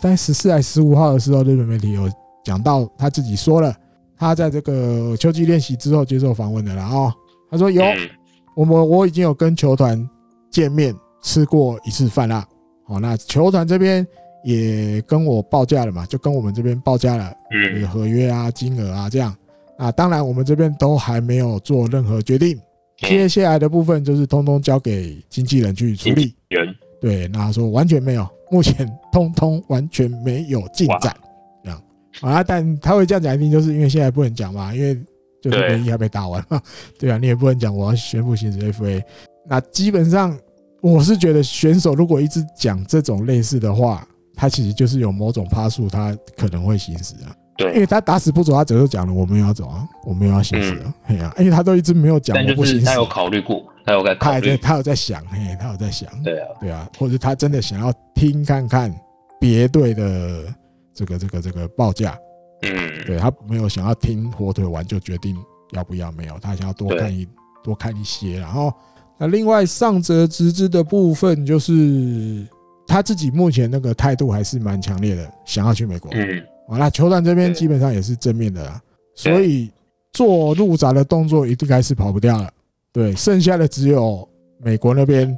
在十四還是十五號的時候，日本媒體有講到他自己說了，他在這個秋季練習之後接受訪問的了啊，他說有。嗯我們我已經有跟球團見面吃過一次飯啦，好，那球團這邊也跟我報價了嘛，就跟我們這邊報價了，嗯，合約啊，金額啊這樣，啊，當然我們這邊都還沒有做任何決定，接下來的部分就是通通交給經紀人去處理，對，那他說完全沒有，目前通通完全沒有進展，這樣，啊，但他會這樣講一定就是因為現在不能講嘛，因為。就是沒一還沒打完對， 對啊，你也不能講我要宣布行使 FA，那基本上我是覺得選手如果一直講這種類似的話，他其實就是有某種趴數，他可能會行使啊。對，因為他打死不走，他只是講了我沒有要走啊，我沒有要行使啊、嗯。嘿啊，因為他都一直沒有講，但不是他有考慮過，他有在，他有在想，嘿，他有在想，對啊，對啊，或者他真的想要聽看看別隊的這個這個這個報價。嗯對，對他沒有想要聽火腿完就決定要不要沒有。他想要多看一對 多看一些，然後那另外上澤直之的部分，就是他自己目前那個態度還是蠻強烈的，想要去美國。嗯，好了，球團這邊基本上也是正面的啦。所以做入札的動作應該是跑不掉了。對，剩下的只有美國那邊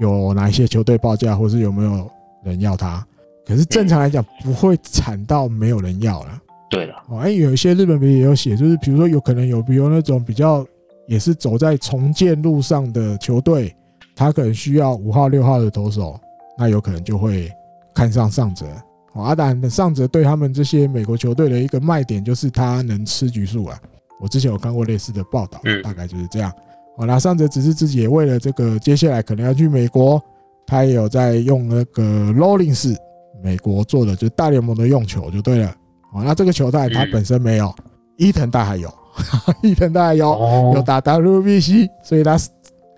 有哪一些球隊報價，或是有沒有人要他？可是正常來講，不會慘到沒有人要了。對了，哦，哎，有一些日本媒體也有寫，就是比如說有可能有，比如那種比較也是走在重建路上的球隊，他可能需要五號六號的投手，那有可能就會看上上沢。哦，當然，上沢對他們這些美國球隊的一個賣點就是他能吃局數啊。我之前有看過類似的報道，嗯，嗯，嗯、大概就是這樣。好了，上沢只是自己也為了這個接下來可能要去美國，他也有在用那個羅林斯美國做的，就是大聯盟的用球就對了。哦，那這個球袋他本身沒有，伊藤大海有，伊藤大海有有打 WBC，所以他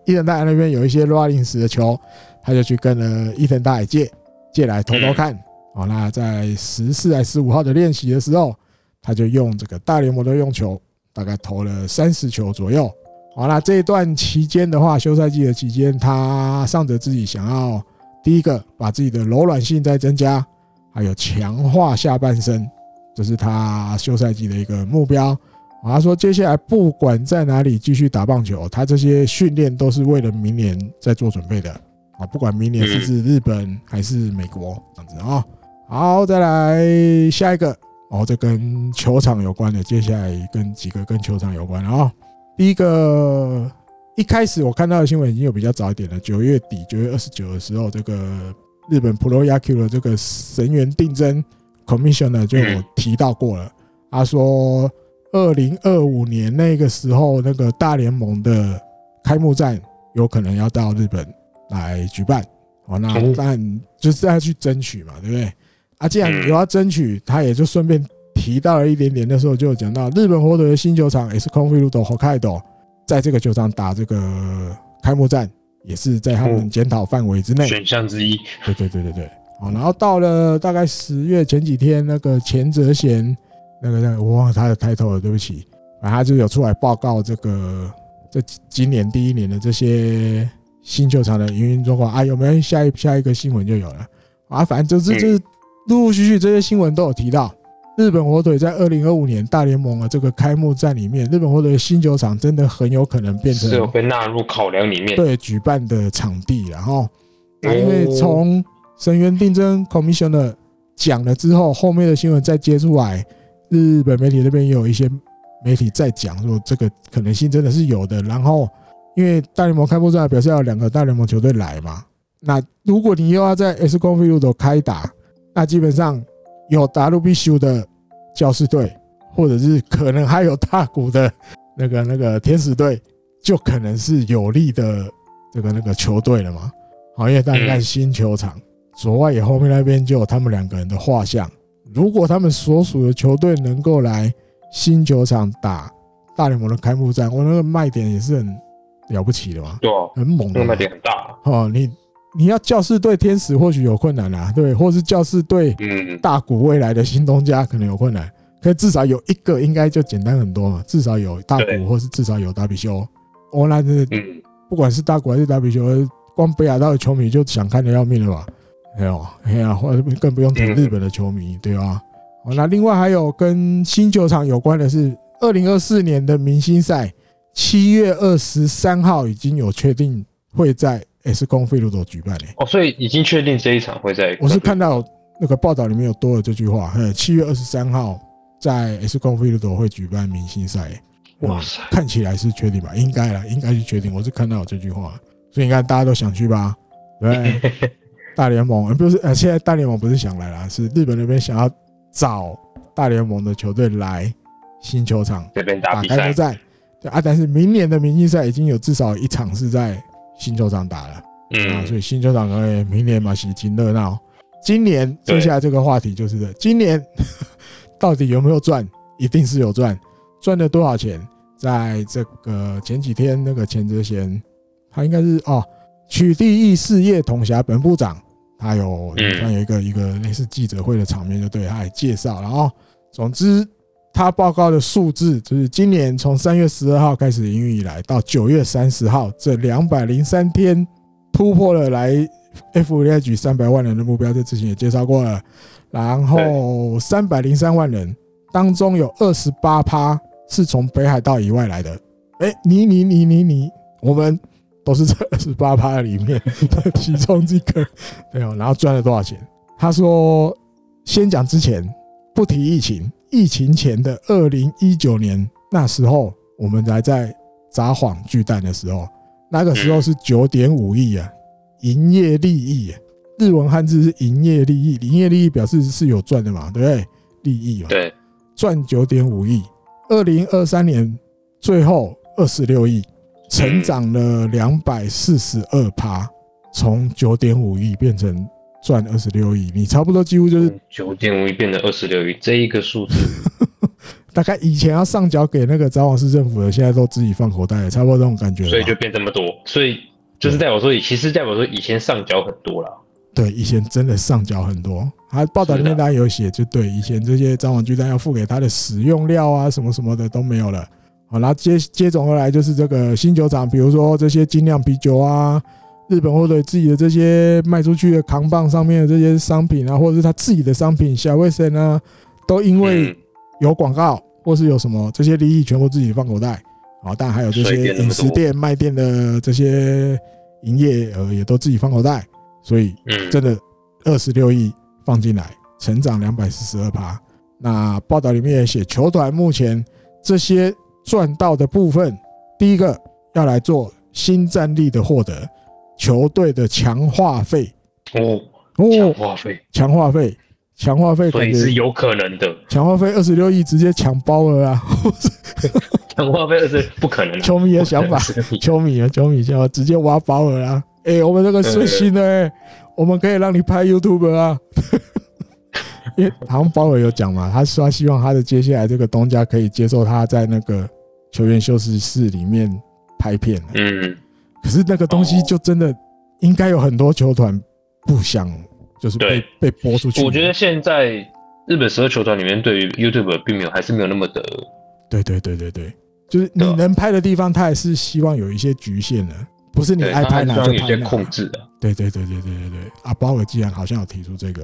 伊、e、藤大海那邊有一些羅林斯的球，他就去跟了伊、e、藤大海借借來投投看。哦，那在十四還十五號的練習的時候，他就用這個大聯盟的用球，大概投了三十球左右。好了，這一段期間的話，休賽季的期間，他上着自己想要第一個把自己的柔軟性再增加，還有強化下半身。這是他休賽季的一個目標、啊。他說：“接下來不管在哪裡繼續打棒球，他這些訓練都是為了明年在做準備的。啊，不管明年是日本還是美國這樣子啊。”好，再來下一個哦，這跟球場有關的。接下來跟幾個跟球場有關的啊、哦。第一個，一開始我看到的新聞已經有比較早一點了，九月底，九月二十九的時候，這個日本プロ野球的這個神原定增。Commissioner 就我提到過了，他說二零二五年那個時候那個大聯盟的開幕戰有可能要到日本來舉辦，哦，那但就是在去爭取嘛，對不對？啊，既然有要爭取，他也就順便提到了一點點的時候，就講到日本火腿的新球場也是 Es Con Field Hokkaido，在這個球場打這個開幕戰，也是在他們檢討範圍之內選項之一。對對對對對,對。好，然後到了大概十月前幾天，那個前澤賢，那個那個、我忘了他的 title 了，對不起、啊，他就有出來報告這個這今年第一年的這些新球場的營運狀況啊，有沒有下一下一個新聞就有了啊，反正就是就是陸陸續續這些新聞都有提到，日本火腿在二零二五年大聯盟的這個開幕戰裡面，日本火腿新球場真的很有可能變成，有被納入考量裡面，對舉辦的場地，然後因為從。聲員定增 commissioner 講了之後，後面的新聞再接出來。日本媒體那邊也有一些媒體在講，說這個可能性真的是有的。然後，因為大聯盟開幕賽表示要兩個大聯盟球隊來嘛，那如果你又要在 S 光飛路都開打，那基本上有 WBCU 的教士隊，或者是可能還有大谷的那個那個天使隊，就可能是有利的這個那個球隊了嘛。好，因為大概新球場。左外野後面那邊就有他們兩個人的畫像。如果他們所屬的球隊能夠來新球場打大聯盟的開幕戰，我那個賣點也是很了不起的嘛，對，很猛的賣點很大。哦，你你要教士對天使或許有困難啦、啊，對，或是教士對嗯大谷未來的新東家可能有困難，可以至少有一個應該就簡單很多，至少有大谷，或是至少有達比修我那真的嗯，不管是大谷還是達比修，光北海道的球迷就想看得要命了吧？沒有，哎呀，或者更不用提日本的球迷，對吧？哦，那另外還有跟新球場有關的是，二零二四年的明星賽，七月二十三號已經有確定會在 S 公飛羅朵舉辦了哦，所以已經確定這一場會在。我是看到那個報道裡面有多了這句話，七月二十三號在 S 公飛羅朵會舉辦明星賽。哇，看起來是確定吧？應該了，應該是確定。我是看到有這句話，所以應該大家都想去吧？對。大聯盟，呃，不是，呃，現在大聯盟不是想來了，是日本那邊想要找大聯盟的球隊來新球場這邊打開幕戰，對啊，但是明年的明星賽已經有至少一場是在新球場打了，嗯，啊，所以新球場可以明年嘛喜慶熱鬧。今年接下來這個話題就是，對 今年呵呵到底有沒有賺？一定是有賺，賺了多少錢？在這個前幾天，那個前澤賢，他應該是哦，取締役事業統轄本部長。他有，他有一個一個類似記者會的場面，就對他也介紹了哦。總之，他報告的數字就是今年從三月十二號開始營運以來，到九月三十號這兩百零三天突破了來 F Village 三百萬人的目標。這之前也介紹過了。然後三百零三萬人當中有二十八趴是從北海道以外來的。誒，你你你你你，你，我們。都是在二十八趴裡面的其中一個， 對、哦、然後賺了多少錢？他說，先講之前不提疫情，疫情前的二零一九年那時候，我們還在札幌巨蛋的時候，那個時候是九點五億啊，營業利益、啊，日文漢字是營業利益，營業利益表示是有賺的嘛，對不對？利益哦，賺九點五億，二零二三年最後二十六億。成長了兩百四十二趴，從九點五億變成賺二十六億，你差不多幾乎就是九點五億變成二十六億這一個數字，大概以前要上繳給那個札幌市政府的，現在都自己放口袋了，差不多這種感覺。所以就變這麼多，所以就是代表說，以其實代表說以前上繳很多了。對，以前真的上繳很多。啊，報道裡面大家有寫，就對是的 以前這些札幌巨蛋要付給他的使用料啊，什麼什麼的都沒有了。然後接接踵而來就是這個新酒廠，比如說這些精釀啤酒啊，日本或者自己的這些賣出去的扛棒上面的這些商品啊，或者是他自己的商品，小衛生啊，都因為有廣告，或是有什麼這些利益，全部自己放口袋。好，但還有這些飲食店賣店的這些營業額也都自己放口袋，所以真的二十六億放進來，成長兩百四十二趴。那報道裡面也寫，球團目前這些。賺到的部分，第一個要來做新戰力的獲得，球隊的強化費，哦，強化費，強、哦、化費，強化費，所以是有可能的。強化費二十六億直接搶包了啊！強 化費二十不可能。球迷的想法，球迷啊，球迷， 要直接挖包爾啊！哎、欸，我們這個是新的、欸，對對對對我們可以讓你拍 YouTube 啊。 因為好像鮑爾有講嘛，他說他希望他的接下來這個東家可以接受他在那個球員休息室裡面拍片。嗯，可是那個東西就真的應該有很多球團不想，就是被對被播出去。我覺得現在日本十二球團裡面，對於 YouTube 並沒有，還是沒有那麼的。對對對對對，就是你能拍的地方，他還是希望有一些局限的，不是你愛拍哪就拍哪。控制的。對對對對對對對，啊，包偉既然好像有提出這個。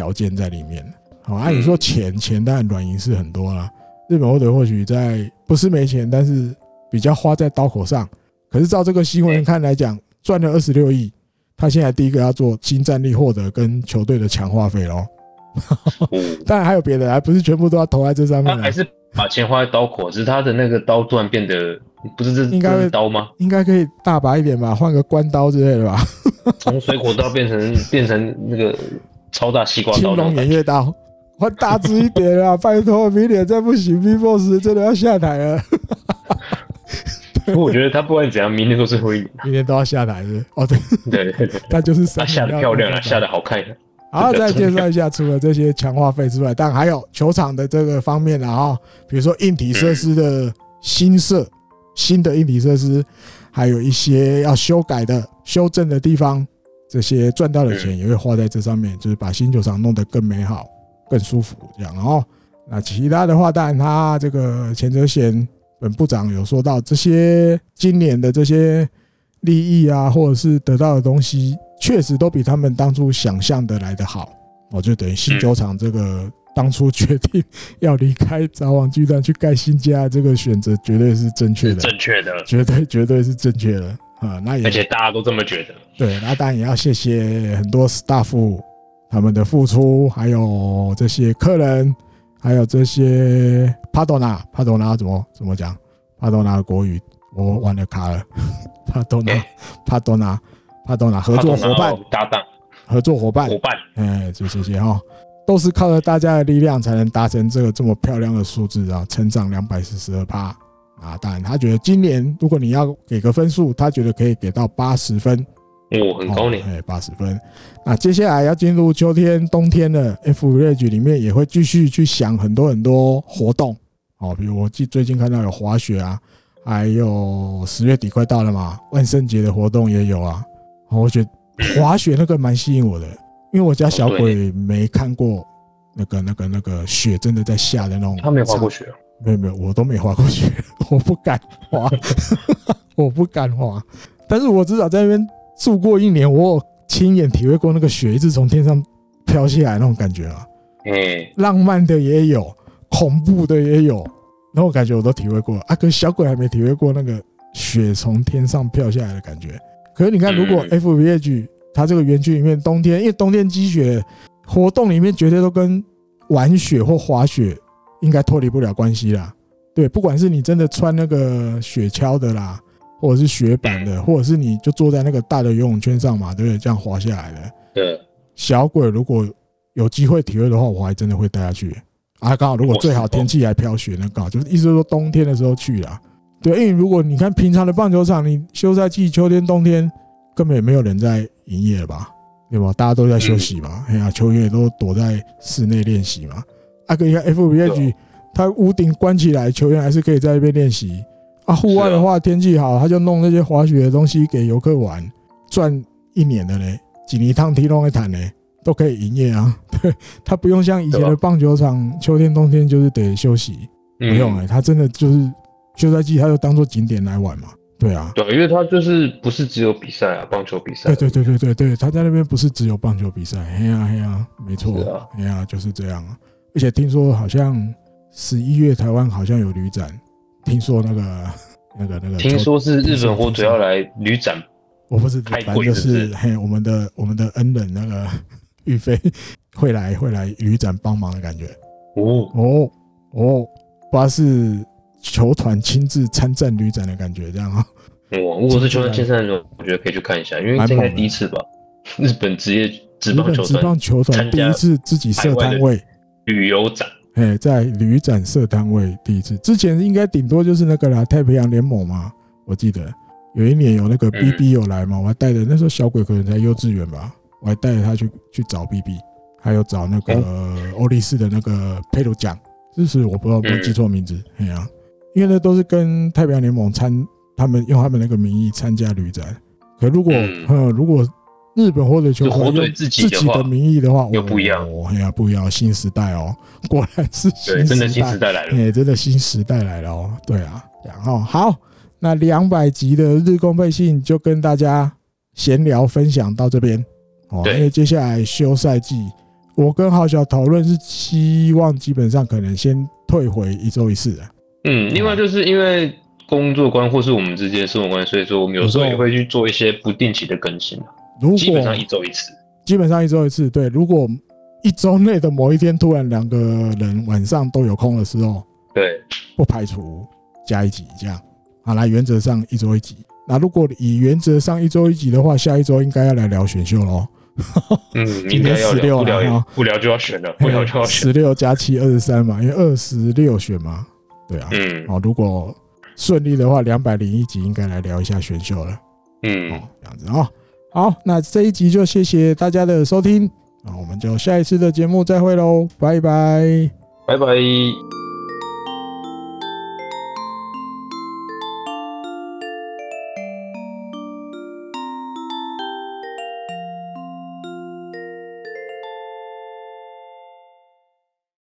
條件在裡面，好按你說，錢錢當然軟銀是很多啦。日本或者或許在不是沒錢，但是比較花在刀口上。可是照這個新聞看來講，賺了二十六億，他現在第一個要做新戰力獲得跟球隊的強化費嘍。當然還有別的，還不是全部都要投在這上面。他還是把錢花在刀口，只是他的那個刀突變得不是這應該刀嗎？應該可以大把一點吧，換個關刀之類的吧。從水果刀變成變成那個。超大西瓜，青龍偃月刀，我大隻一點啊， 拜託，明年再不行 B Boss 真的要下台了。不過我覺得他不管怎樣，明年都是會，明年都要下台的。哦， 對對對， 他就是下台他下的漂亮了、啊，台下的好看、啊。好，再介紹一下，除了這些強化費之外，當然還有球場的這個方面了哈、哦，比如說硬體設施的新設、嗯、新的硬體設施，還有一些要修改的、修正的地方。這些賺到的錢也會花在這上面，就是把新球場弄得更美好，更舒服這樣。哦，那其他的話，當然他這個前澤賢本部長有說到，這些今年的這些利益啊，或者是得到的東西，確實都比他們當初想象的來得好。我覺得等於新球場這個當初決定要離開札幌巨蛋去蓋新家這個選擇，絕對是正確的，正確的，絕對絕對是正確的。啊，那也而且大家都這麼覺得，對，那當然也要謝謝很多 staff 他們的付出，還有這些客人，還有這些帕多納帕多納怎麼怎麼講？帕多納的國語我玩了卡了，帕多納帕多納帕多納合作夥伴搭檔合作夥伴夥伴，哎，就這些哈，都是靠着大家的力量才能達成這個這麼漂亮的數字啊，成長兩百四十二趴。啊，當然，他覺得今年如果你要給個分數，他覺得可以給到八十分，哦，很高呢、哦，哎、欸，八十分。那接下來要進入秋天、冬天的 F Village 裡面，也會繼續去想很多很多活動。哦，比如我最最近看到有滑雪啊，還有十月底快到了嘛，萬聖節的活動也有啊、哦。我覺得滑雪那個蠻吸引我的， 因為我家小鬼沒看過那個那個那個雪真的在下的那種，他沒有滑過雪。沒有沒有，我都沒滑過雪， 我不敢滑， 我不敢滑。但是我至少在那邊住過一年，我親眼體會過那個雪一直從天上飄下來那種感覺啊。嗯，浪漫的也有，恐怖的也有，那種感覺我都體會過啊。可是小鬼還沒體會過那個雪從天上飄下來的感覺。可是你看，如果 FVH 它這個園區裡面冬天，因為冬天積雪活動裡面絕對都跟玩雪或滑雪。應該脫離不了關係啦，對，不管是你真的穿那個雪橇的啦，或者是雪板的，或者是你就坐在那個大的游泳圈上嘛，對不對？這樣滑下來的。對。小鬼如果有機會體會的話，我還真的會帶他去。啊，剛好如果最好天氣還飄雪，那剛好就是意思是說冬天的時候去啦。對，因為如果你看平常的棒球場，你休賽季秋天冬天根本也沒有人在營業吧？對吧，大家都在休息嘛。哎呀，球員也都躲在室內練習嘛。還可以看 f b H，他屋頂關起來，球員還是可以在那邊練習啊。戶外的話，天氣好，他就弄那些滑雪的東西給遊客玩，賺一年的嘞。幾年一趟提隆一趟嘞，都可以營業啊。對，他不用像以前的棒球場，秋天冬天就是得休息。不用哎，欸，他真的就是休賽季，他就當做景點來玩嘛。對啊，對，因為他就是不是只有比賽啊，棒球比賽。對對對對對對，對，他在那邊不是只有棒球比賽。嘿呀嘿呀，沒錯，嘿呀就是這樣啊。而且聽說好像十一月台灣好像有旅展，聽說那個那個那個，聽說是日本火腿要來旅展。我不是，反正就是，是，是嘿，我們的我們的恩人那個玉飛會來會來旅展幫忙的感覺。哦哦哦，哇、哦！是、哦、球團親自參戰旅展的感覺，這樣啊、哦？哇！如果是球團親自那種，我覺得可以去看一下，因為這應該第一次吧？日本職業日本職棒球團第一次自己設攤位。旅遊展，嘿，在旅展社單位第一次之前，應該頂多就是那個啦，太平洋聯盟嘛。我記得有一年有那個 BB 有來嘛，嗯、我還帶着那時候小鬼可能在幼稚園吧，我還帶着他去去找 BB，還有找那個歐力士的那個佩魯醬，這是我不知道我記錯名字，哎呀、嗯啊，因為呢都是跟太平洋聯盟參，他們用他們那個名義參加旅展，可如果呃、嗯、如果。日本或者球隊自、自、自己的名義的話，又不一樣哦，哎呀、啊、不一樣，新時代哦、喔，果然是新時代來了，真的新時代來了哦、欸喔，對啊，然後好，那兩百集的日工配信就跟大家閒聊分享到這邊哦，喔、對因為接下來休賽季，我跟豪小討論是希望基本上可能先退回一周一次的，嗯，另外就是因為工作關或是我們之間生活關係，所以說我們有時候也會去做一些不定期的更新。啊如果基本上一周一次，基本上一周一次。對，如果一周內的某一天突然兩個人晚上都有空的時候，對，不排除加一集這樣。好，來，原則上一周一集。那如果以原則上一周一集的話，下一周應該要來聊選秀嘍。嗯，今天十六，不聊不聊就要選了，十六加七二十三嘛，因為二十六選嘛。對啊，嗯。哦，如果順利的話，兩百零一集應該來聊一下選秀了。嗯，這樣子啊、哦。好，那這一集就謝謝大家的收聽，那我們就下一次的節目再會嘍，拜拜，拜拜。